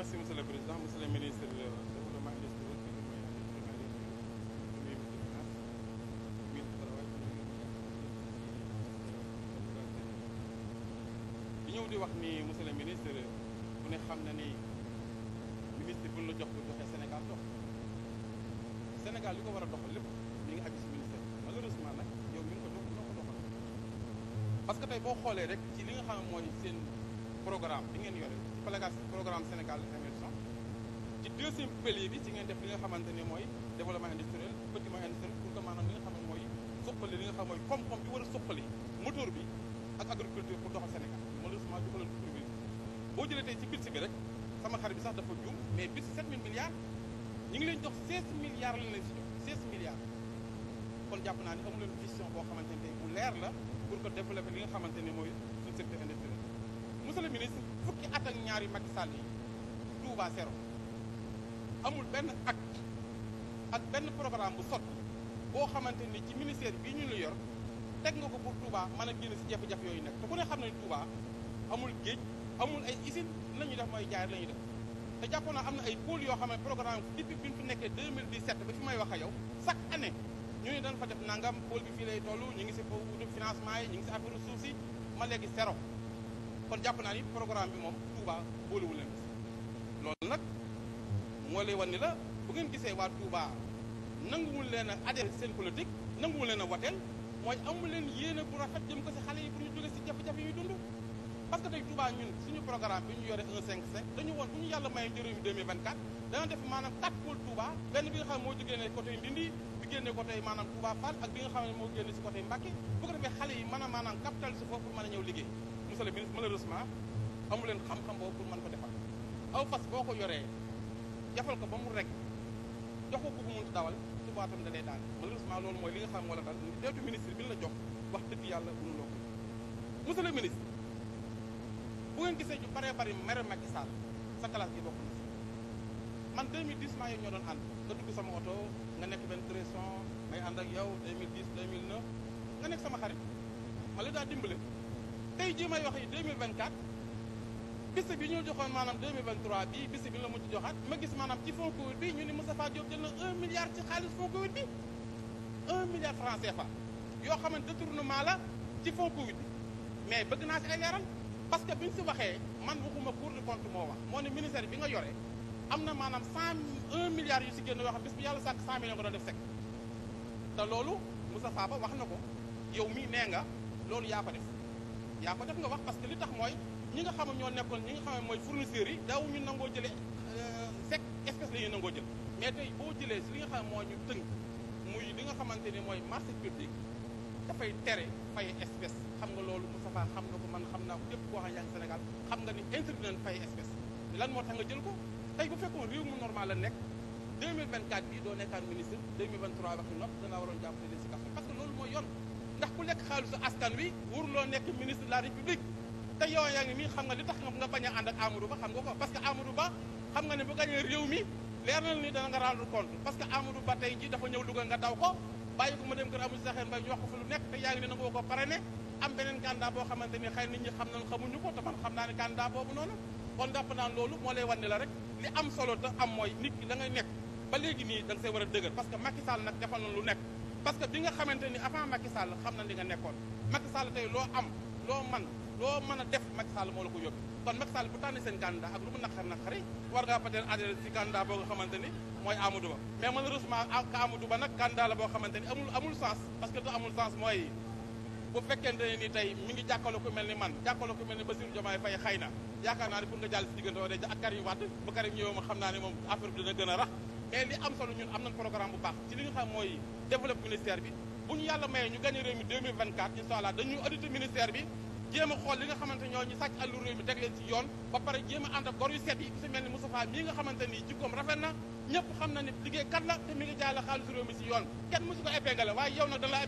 merci monsieur le président ministre di wax ni monsieur le ministre bu ne xam na ni ministre bu la jox bu joxe Sénégal dox Sénégal li ko war a doxal lépp mi ngi aju si ministère malheureusement nag yow mi ngi ko que tey boo xoolee rek ci li nga xam mooy seen programme bi ngeen yore. programme Sénégal émergent ci deuxième pilier bi ci ngeen def li nga xamante ne mooy développement industriel bâtiment industriel pour que maanaam bi war a suqali ak agriculture pour doxal Sénégal malheureusement du ko leen privé boo jëlee tey ci biir si bi rek sama xarit bi sax dafa juum mais bi si 7000 milliards ñu ngi leen jox 16 milliards la leen si jox milliards naa ne amu leen vision boo xamante ne tey bu leer la pour li nga xamante ne mooy monsieur le ministre fukki at ñaari Macky Sall yi Touba zéro amul benn ak ak benn programme bu sot boo xamante ni ci ministère bii ñu la yor teg nga ko pour Touba mën a génn si jafe-jafe yooyu nekk te ku ne xam ne Touba amul géej amul ay usine la ñuy def mooy jaay la ñuy te jàppoon am na ay pôle yoo xam ne programme depuis bi ñu fi nekkee ba fi may wax a yow chaque année ñu ne dañ fa def nangam pôle bi fii lay toll ñu ngi si financement yi ñu ngi si affaire suuf si ma kon jàpp naa ni programme bi moom Touba boolewul leen loolu nag moo lay ni la bu ngeen gisee waa Touba nanguwul leen a adhéré seen politique nanguwul leen a wateel mooy amu leen yéene bu rafet jëm ko si xale yi pour ñu jóge si jafe-jafe yi ñuy dund parce tey Touba ñun suñu programme bi ñu yore 155 dañu woon bu ñu yàlla maye njëriñu 2024 dana def maanaam 4 pôles Touba benn bi nga xam moo jógee ne côté Ndindi bi génne côté maanaam Touba Fall monsieur le ministre malheureusement amu leen xam-xam boobu pour mën ko defal aw fas boo ko yoree jafal ko ba mu rek jox ko ku mu mënti dawal subaa tam da lay daan malheureusement loolu mooy li nga xam wala dal deetu ministre bi la jox wax dëgg yàlla mënuloo ko monsieur ministre bu ngeen gisee ñu baree bari mere Macky Sall sa classe bi bokk na si man 2010 maa yow ñoo doon ànd nga dugg sama oto nga nekk benn pression may ànd ak yow 2010 2009 nga nekk sama xarit ma la daa dimbale tey jii may wax yi 2024 bis bi ñu joxoon maanaam 2023 bii bis bi la mujj joxaat ma gis maanaam ci fonds Covid bi ñu ni Moustapha Diop jël na milliard ci xaalis fonds bi 1 milliard franc CFA yoo xam ne détournement la ci fonds Covid mais bëgg naa si ay leeral parce que bi ñu si waxee man waxuma Cour des comptes moo wax moo ne ministère bi nga yore am na maanaam 100 1 milliard yu si génn wax xam bis bi yàlla sàkk 100 millions nga doon def sec te loolu Moustapha Ba wax na ko yow mii nee nga loolu yaa ko def. yaa ko def nga wax parce que li tax mooy ñi nga xam ne ñoo nekkoon ñi nga xam ne mooy fournisseurs yi daaw ñu nangoo jëlee euh, sec espèce la nangoo jël mais tey boo jëlee si li nga xam ne moo ñu tënk muy li nga xamante ni mooy marché public dafay tere fay espèce xam nga loolu Moustapha xam nga ko man xam naa ko jël ko tey bu fekkoon réew mu normal la nekk 2024 bii doo nekkaat ministre 2023 ba ki nopp danaa waroon jàppale leen loolu mooy yoon ndax ku lekk xaalisu askan wi waruloo nekk ministre de la république te yow yaa xam nga li tax nga bañ a ànd ak Amadou Ba xam nga ko parce que Amadou Ba xam ne bu gañee réew mi leer na ni dana nga que Amadou Ba tey ji dafa ñëw Louga nga daw ko bàyyi ko ma dem kër Amadou Sakhir Mbaye ñu ko fa lu nekk te yaa ngi ne nangoo ko parrainé am beneen candidat boo xamante ni xëy nit ñi xam na xamuñu ko te xam naa ne candidat boobu noonu kon jàpp naa loolu moo lay wan rek li am solo te am mooy nit ki la ngay a dëgër parce que Macky Sall nag defal na lu nekk parce que bi nga xamante ni avant Macky xam na li nga nekkoon Macky tey loo am loo man loo mën a def Macky Sall moo la ko yóbbu kon Macky Sall bu tànn seen candidat ak lu mu naqar naqari war ngaa peut-être si candidat boo nga xamante ni mooy Amadou Ba mais malheureusement ah, ka Amadou Ba nag candidat la boo xamante ni amul amul sens parce que te amul sens mooy bu fekkente ne ni tey mi ngi jàkkaarloo ku mel ni man jàkkaarloo ku mel ni Bassirou Diomaye Faye na yaakaar naa ne a mais li am solo ñun am nañ programme bu baax ci li nga xam mooy développe ministère bi bu ñu yàlla mayee ñu gagné réew mi 2024 incha allah dañuy audité ministère bi jéem a xool li nga xamante ñoo ñu sàcc àllu réew mi teg ci yoon ba pare jéem a gor yu set yi su mel ni Moustapha mii nga xamante ni jikkoom rafet na ñëpp xam na ni liggéey kat la te mi ngi jaay la réew mi si yoon kenn mosu ko épingalé waaye yow nag da la